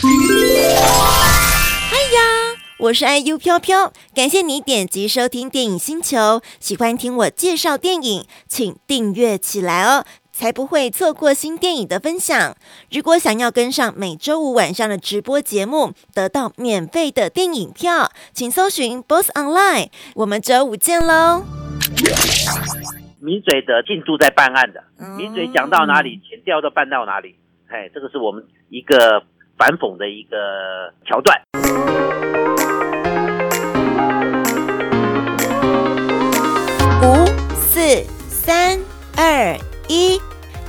哎呀，我是 IU 飄飄，感謝你點擊收聽電影星球。喜歡聽我介紹電影，請訂閱起來哦，才不會錯過新電影的分享。如果想要跟上每周五晚上的直播節目，得到免費的電影票，請搜尋 Boss Online。我們周五見嘍！名嘴的進度在辦案的，名嘴講到哪裡，檢調都辦到哪裡。哎，這個是我們一個。反諷的一個橋段。五四三二一，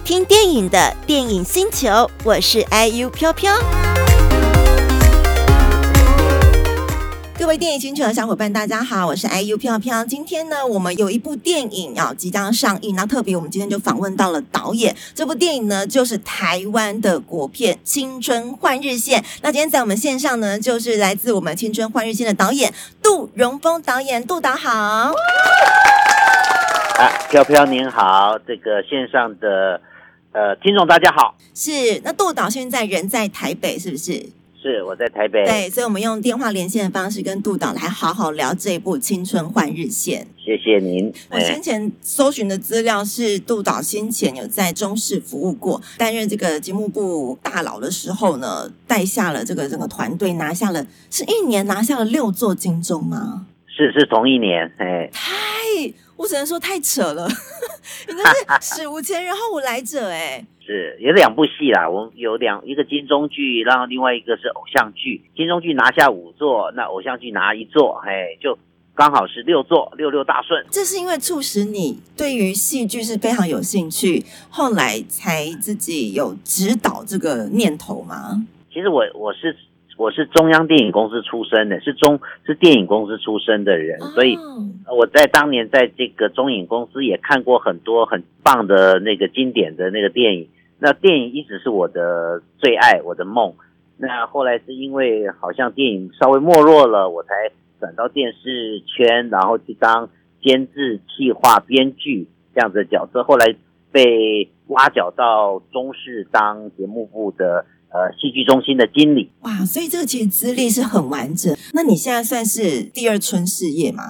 聽電影的電影星球，我是 IU 飄飄。各位電影星球的小夥伴，大家好，我是 I U 飄飄。今天呢，我們有一部電影要、啊、即將上映，那特別我們今天就訪問到了導演。這部電影呢，就是台灣的國片《青春換日線》。那今天在我們線上呢，就是來自我們《青春換日線》的導演杜榮峰導演，杜導好。啊，飄飄您好，這個線上的呃聽眾大家好。是，那杜導現在人在台北是不是？是，我在台北，對，所以我們用電話連線的方式跟杜導來好好聊這一部《青春換日線》。謝謝您。哎、我先前搜尋的資料是，杜導先前有在中視服務過，擔任這個節目部大佬的時候呢，帶下了這個整個團隊，拿下了，是一年拿下了六座金鐘嗎？是是同一年，哎，太，我只能說太扯了，你 真是史無前人後無來者哎、欸。是，有兩部戲啦。我們有兩一個金鐘劇，然後另外一個是偶像劇。金鐘劇拿下五座，那偶像劇拿一座，嘿，就剛好是六座，六六大順。這是因為促使你對於戲劇是非常有興趣，後來才自己有指導這個念頭嗎？其實我我是我是中央電影公司出身的，是中，是電影公司出身的人，哦。所以我在當年在這個中影公司也看過很多很棒的那個經典的那個電影。那電影一直是我的最愛，我的夢。那後來是因為好像電影稍微沒落了，我才轉到電視圈，然後去當監製、企劃、編劇這樣子的角色。後來被挖角到中視當節目部的呃戲劇中心的經理。哇，所以這個其實資歷是很完整。那你現在算是第二春事業嗎？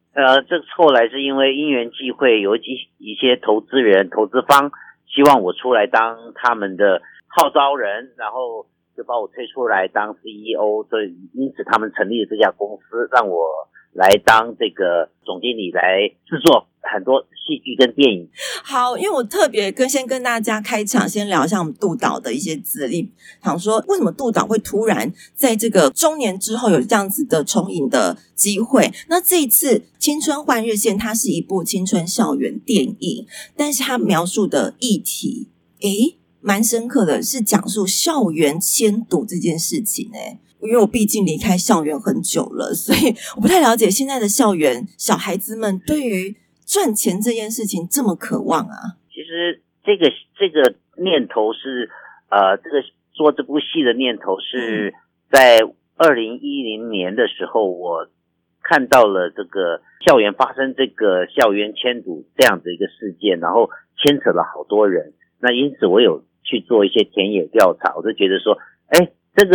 呃，這後來是因為因緣際會，有其一些投資人、投資方。希望我出來當他們的號召人，然後就把我推出來當 CEO。所以因此他們成立了這家公司，讓我來當這個總經理，來制作很多戲劇跟電影。好，因為我特別跟先跟大家開場，先聊一下我們杜導的一些資歷，想說為什麼杜導會突然在這個中年之後有這樣子的重影的機會。那這一次《青春換日線》，它是一部青春校園電影，但是它描述的議題，誒蠻深刻的，是講述校園簽賭這件事情呢。欸，因為我畢竟離開校園很久了，所以我不太了解現在的校園小孩子們對於賺錢這件事情這麼渴望啊。其實這個這個念頭是，呃，這個做這部戲的念頭是在二零一零年的時候，我看到了這個校園發生這個校園簽賭這樣的一個事件，然後牽扯了好多人，那因此我有。去做一些田野調查，我就覺得說，哎，這個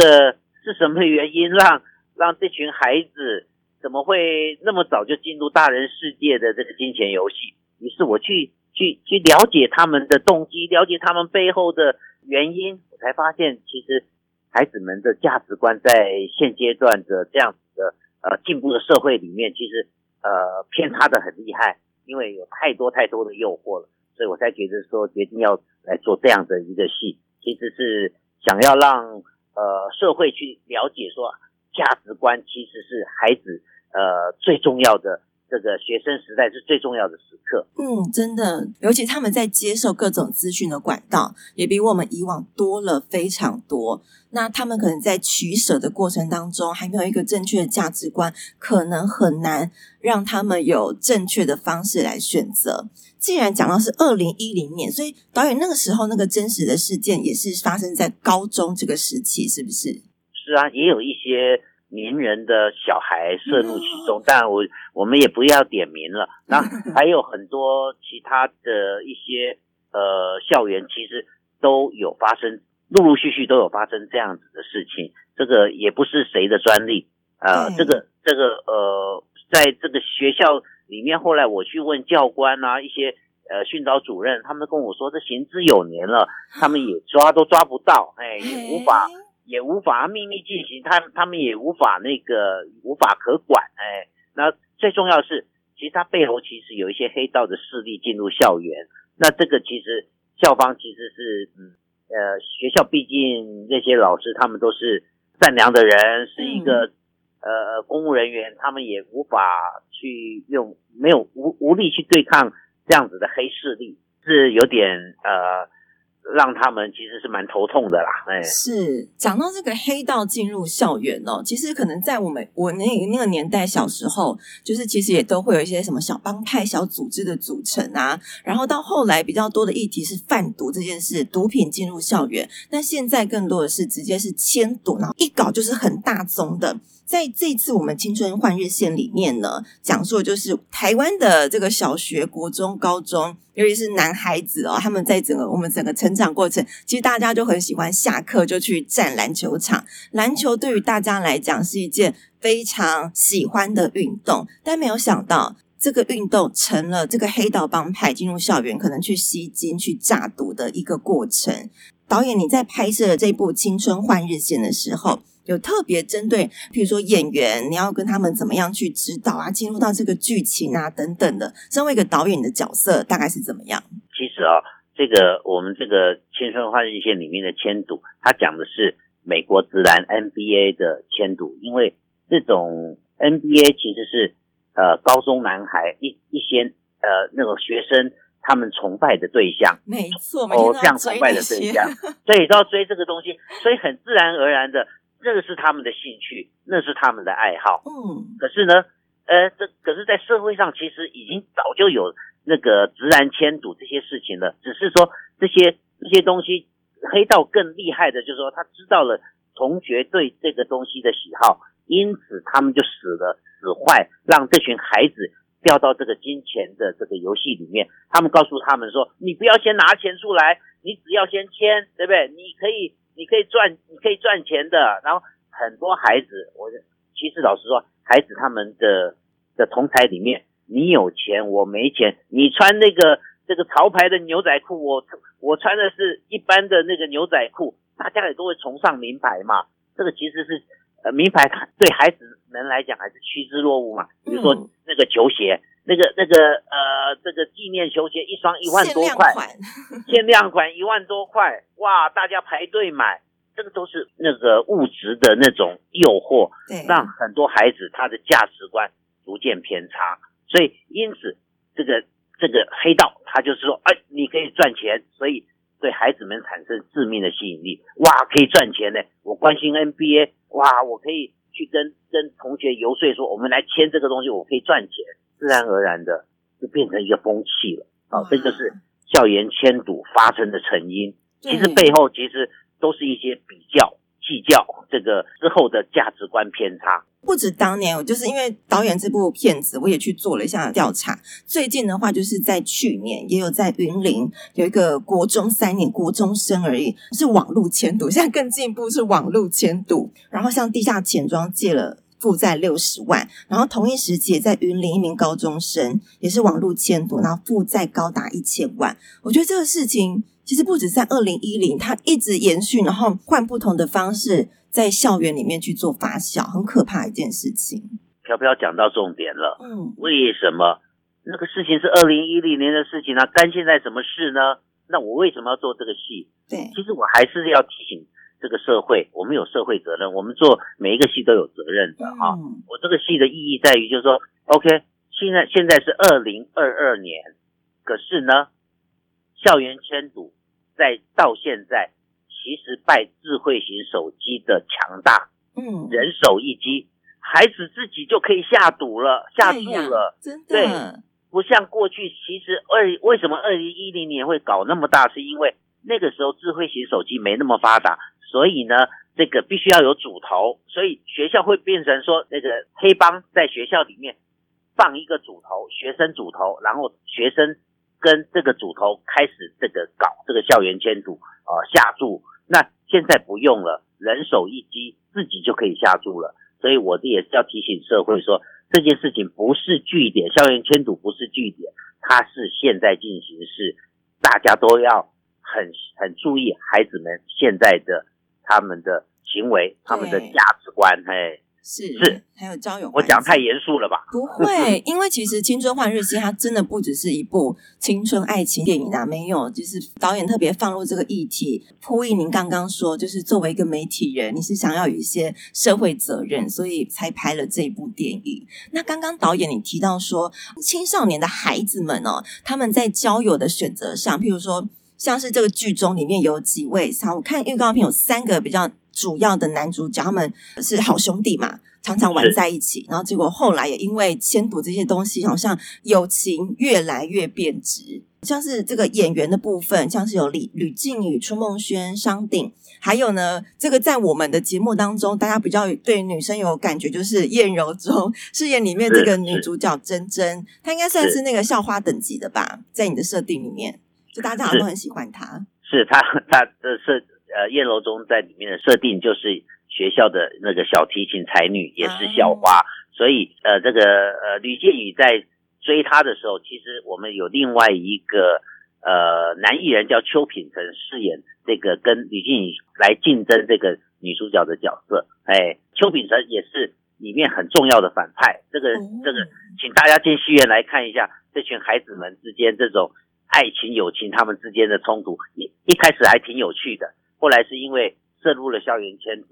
是什麼原因讓讓這群孩子怎麼會那麼早就進入大人世界的這個金錢遊戲？於是我去去去了解他們的動機，了解他們背後的原因，我才發現其實孩子們的價值觀在現階段的這樣子的呃進步的社會裡面，其實呃偏差的很厲害，因為有太多太多的誘惑了，所以我才覺得說決定要。來做這樣的一個戲，其實是想要讓呃社會去了解說，價值觀其實是孩子呃最重要的。這個學生時代是最重要的時刻。嗯，真的，尤其他們在接受各種資訊的管道，也比我們以往多了非常多。那他們可能在取捨的過程當中，還沒有一個正確的價值觀，可能很難讓他們有正確的方式來選擇。既然講到是2010年，所以導演那個時候那個真實的事件也是發生在高中這個時期，是不是？是啊，也有一些。名人的小孩涉入其中，但我我們也不要點名了。那還有很多其他的一些呃校園，其實都有發生，陸陸續續都有發生這樣子的事情。這個也不是誰的專利啊，呃，哎，這個。這個這個呃，在這個學校裡面，後來我去問教官啊，一些呃訓導主任，他們跟我說，這行之有年了，他們也抓都抓不到，哎，也無法。哎也無法秘密進行，他他們也無法那個無法可管，誒、哎、那最重要的是，其實他背後其實有一些黑道的勢力進入校園，那這個其實校方其實是，嗯，呃，學校畢竟那些老師他們都是善良的人，是一個，嗯、呃，公務人員，他們也無法去用沒有無無力去對抗這樣子的黑勢力，是有點呃。讓他們其實是蠻頭痛的啦，哎，是講到這個黑道進入校園哦，其實可能在我們我那那個年代小時候，就是其實也都會有一些什麼小幫派、小組織的組成啊，然後到後來比較多的議題是販毒這件事，毒品進入校園，那現在更多的是直接是簽賭，然後一搞就是很大宗的，在這一次我們青春換日線裡面呢，講說的就是台灣的這個小學、國中、高中。尤其是男孩子哦，他們在整個我們整個成長過程，其實大家就很喜歡下課就去占籃球場。籃球對於大家來講是一件非常喜歡的運動，但沒有想到這個運動成了這個黑道幫派進入校園、可能去吸金、去詐賭的一個過程。導演，你在拍攝這部《青春換日線》的時候。有特別針對，比如說演員，你要跟他們怎麼樣去指導啊，進入到這個劇情啊等等的。身為一個導演的角色，大概是怎麼樣？其實哦，這個我們這個《青春換日線》裡面的簽賭，他講的是美國職籃 NBA 的簽賭，因為這種 NBA 其實是呃高中男孩一一些呃那個學生他們崇拜的對象，沒錯，偶像崇拜的對象， 所以都要追這個東西，所以很自然而然的。這個是他們的興趣，那是他們的愛好。嗯，可是呢，呃，這可是在社會上其實已經早就有那個職籃簽賭，這些事情了。只是說這些這些東西，黑道更厲害的，就是說他知道了同學對這個東西的喜好，因此他們就使得、使壞，讓這群孩子掉到這個金錢的這個遊戲裡面。他們告訴他們說：“你不要先拿錢出來，你只要先簽，對不對？你可以。”你可以賺，你可以賺錢的。然後很多孩子，我其實老實說，孩子他們的的同儕裡面，你有錢我沒錢，你穿那個這個潮牌的牛仔褲，我我穿的是一般的那個牛仔褲。大家也都會崇尚名牌嘛，這個其實是呃名牌對孩子們來講還是趨之若鶩嘛。比如說那個球鞋。嗯那個那個呃，這個紀念球鞋一雙一萬多塊，限量， 限量款一萬多塊，哇！大家排隊買，這個都是那個物質的那種誘惑，對讓很多孩子他的價值觀逐漸偏差。所以因此，這個這個黑道他就是說，哎，你可以賺錢，所以對孩子們產生致命的吸引力。哇，可以賺錢呢！我關心 NBA，哇，我可以去跟跟同學遊說說，我們來簽這個東西，我可以賺錢。自然而然的就變成一個風氣了，好、啊，啊、這就是校園簽賭發生的成因。對其實背後其實都是一些比較計較，這個之後的價值觀偏差。不止當年，我就是因為導演這部片子，我也去做了一下調查。最近的話，就是在去年也有在雲林有一個國中三年國中生而已，是網路簽賭，現在更進一步是網路簽賭，然後向地下錢莊借了。負債六十萬，然後同一時期在雲林一名高中生也是網絡簽賭，然後負債高達一千萬。我覺得這個事情其實不止在二零一零，他一直延續，然後換不同的方式在校園裡面去做發酵，很可怕一件事情。飄飄講到重點了，嗯，為什麼那個事情是二零一零年的事情呢、啊？干現在什麼事呢？那我為什麼要做這個戲？對，其實我還是要提醒。這個社會，我們有社會責任，我們做每一個戲都有責任的、嗯、啊。我這個戲的意義在於，就是說，OK，現在現在是二零二二年，可是呢，校園簽賭在到現在，其實拜智慧型手機的強大，嗯，人手一機，孩子自己就可以下賭了，下注了，哎、真的，對，不像過去，其實二為什麼二零一零年會搞那麼大，是因為那個時候智慧型手機沒那麼發達。所以呢，這個必須要有組頭，所以學校會變成說那個黑幫在學校裡面放一個組頭，學生組頭，然後學生跟這個組頭開始這個搞這個校園簽賭啊下注。那現在不用了，人手一機自己就可以下注了。所以我這也是要提醒社會說，這件事情不是句點，校園簽賭不是句點，它是現在進行式，大家都要很很注意孩子們現在的。他們的行為，他們的價值觀，對嘿，是是，是還有交友。我講太嚴肅了吧？不會， 因為其實《青春換日線》它真的不只是一部青春愛情電影啊，沒有，就是導演特別放入這個議題，呼應您剛剛說，就是作為一個媒體人，你是想要有一些社會責任，所以才拍了這一部電影。那剛剛導演你提到說，青少年的孩子們哦，他們在交友的選擇上，譬如說。像是這個劇中裡面有幾位，我看預告片有三個比較主要的男主角，他們是好兄弟嘛，常常玩在一起。然後結果後來也因為簽賭這些東西，好像友情越來越變質。像是這個演員的部分，像是有李呂晉宇、初孟軒、商鼎，還有呢，這個在我們的節目當中，大家比較對女生有感覺就是晏柔中飾演裡面這個女主角珍珍，她應該算是那個校花等級的吧，在你的設定裡面。就大家都很喜歡他是，是他他的、呃、設呃晏柔中在裡面的設定就是學校的那個小提琴才女也是校花，uh. 所以呃這個呃呂、呃、晉宇在追他的時候，其實我們有另外一個呃男藝人叫邱品程飾演這個跟呂晉宇來競爭這個女主角的角色，哎，邱品程也是裡面很重要的反派，這個、um. 這個，請大家進戲院來看一下這群孩子們之間這種。愛情、友情，他們之間的衝突，一一開始還挺有趣的，後來是因為涉入了校園簽賭，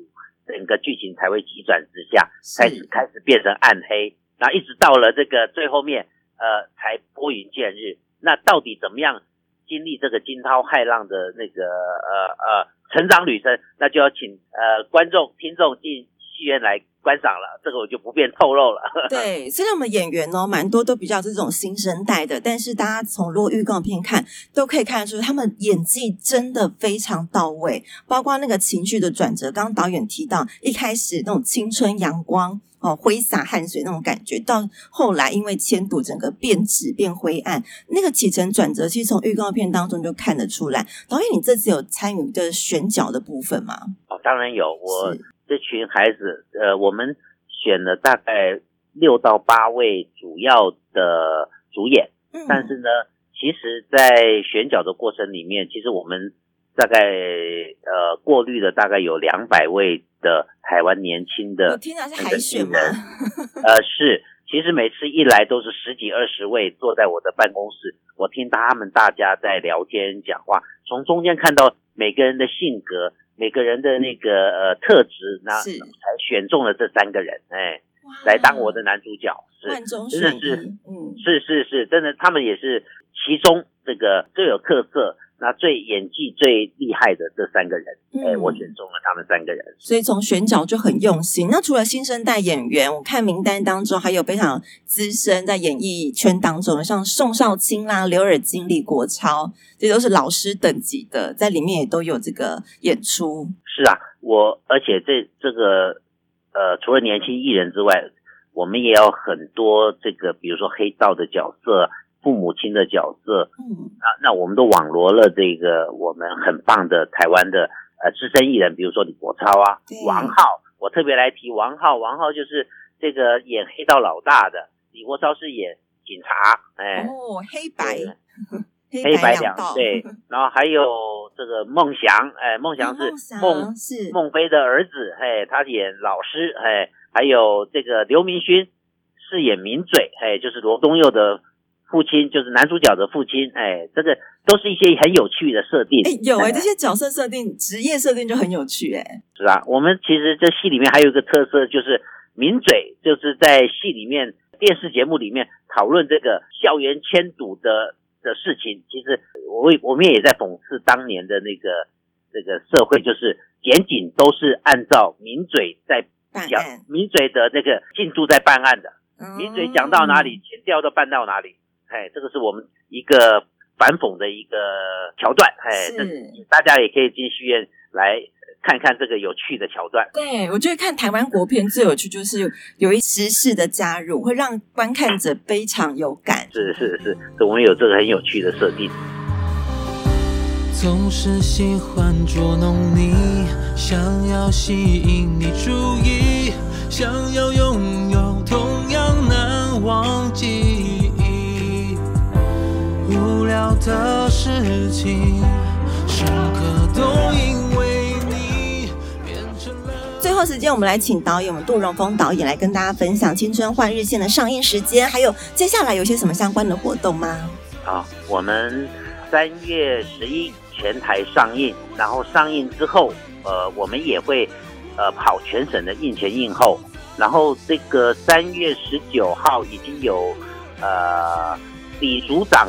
整個劇情才會急轉直下，開始開始變成暗黑，那一直到了這個最後面，呃，才撥雲見日。那到底怎麼樣經歷這個驚濤駭浪的那個呃呃成長旅程？那就要請呃觀眾、聽眾進戲院來觀賞了，這個我就不便透露了。呵呵，對，雖然我們演員呢，蠻多都比較這種新生代的，但是大家從錄預告片看，都可以看得出他們演技真的非常到位，包括那個情緒的轉折。剛剛導演提到，一開始那種青春陽光哦，揮灑汗水那種感覺，到後來因為簽賭，整個變質變灰暗，那個起承轉折，其實從預告片當中就看得出來。導演，你這次有參與的選角的部分嗎？哦，當然有，我。這群孩子，呃，我們選了大概六到八位主要的主演，嗯、但是呢，其實，在選角的過程裡面，其實我們大概呃過濾了大概有兩百位的台灣年輕的，我聽，好像是海選嗎？ 呃，是，其實每次一來都是十幾二十位坐在我的辦公室，我聽他們大家在聊天講話，從中間看到每個人的性格。每個人的那個呃，特質，那是才選中了這三個人，哎，wow, 來當我的男主角，是是是，嗯，是是是，真的，他們也是其中這個各有特色。那最演技最厲害的這三個人，嗯，欸，我選中了他們三個人。所以從選角就很用心。那除了新生代演員，我看名單當中還有非常資深在演藝圈當中的，像宋少卿啦，啊、劉爾金、李國超，這都是老師等級的，在裡面也都有這個演出。是啊，我而且這這個呃，除了年輕藝人之外，我們也有很多這個，比如說黑道的角色。父母親的角色，嗯，啊，那我們都網羅了這個我們很棒的台灣的呃資深藝人，比如說李國超啊，對王浩，我特別來提王浩，王浩就是這個演黑道老大的，李國超是演警察，哎，哦，黑白，對黑白兩,黑白兩道， 然後還有這個孟祥，哎，孟祥是孟是孟飛的兒子，嘿、哎，他演老師，嘿、哎，還有這個劉明勳飾演名嘴，嘿、哎，就是羅東佑的。父親就是男主角的父親，哎，這個都是一些很有趣的設定。哎，有哎、欸，嗯、這些角色設定、職業設定就很有趣、欸，哎。是啊，我們其實這戲裡面還有一個特色，就是名嘴，就是在戲裡面、電視節目裡面討論這個校園簽賭的的事情。其實我，我我們也在諷刺當年的那個這個社會，就是檢警都是按照名嘴在講，辦案名嘴的那個進度在辦案的，嗯、名嘴講到哪裡，檢、嗯、調都辦到哪裡。哎，這個是我們一個反諷的一個橋段，哎，是大家也可以進戲院來看看這個有趣的橋段。對，我覺得看台灣國片最有趣，就是有一時事的加入，會讓觀看者非常有感。是是是，是，我們有這個很有趣的設定。總是喜歡捉弄你，想要吸引你注意，想要擁有同樣難忘。最後時間，我們來請導演杜榮峰導演來跟大家分享《青春換日線》的上映時間，還有接下來有些什麼相關的活動嗎？好，我們三月十一全台上映，然後上映之後，呃，我們也會呃跑全省的映前映後，然後這個三月十九號已經有呃李組長，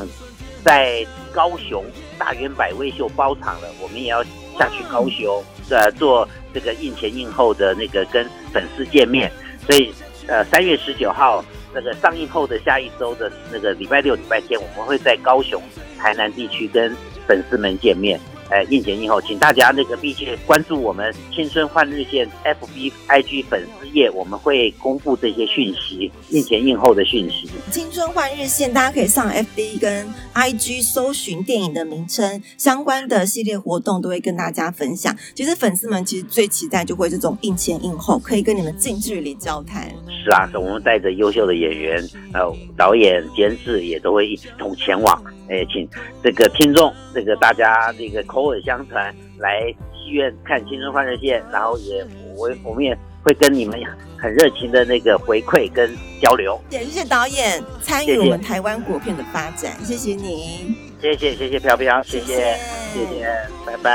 在高雄大遠百威秀包場了，我們也要下去高雄，對、呃、做這個映前映後的那個跟粉絲見面，所以，呃，三月十九號那個上映後的下一周的那個禮拜六、禮拜天，我們會在高雄、台南地區跟粉絲們見面。哎，映前映後，請大家那個密切關注我們《青春換日線》F B I G 粉絲頁，我們會公布這些訊息，映前映後的訊息。《青春換日線》，大家可以上 F B 跟 I G 搜尋電影的名稱，相關的系列活動都會跟大家分享。其實粉絲們其實最期待就會這種映前映後，可以跟你們近距離交談。是啊，我們帶着優秀的演員、呃導演、監製也都會一同前往。哎，請這個聽眾，這個大家這個扣。口耳相傳來戲院看《青春換日線》，然後也我我們也會跟你們很熱情的那個回饋跟交流。也謝謝導演參與我們台灣國片的發展，謝謝，謝謝你，謝謝謝謝飄飄，謝謝謝謝，拜拜。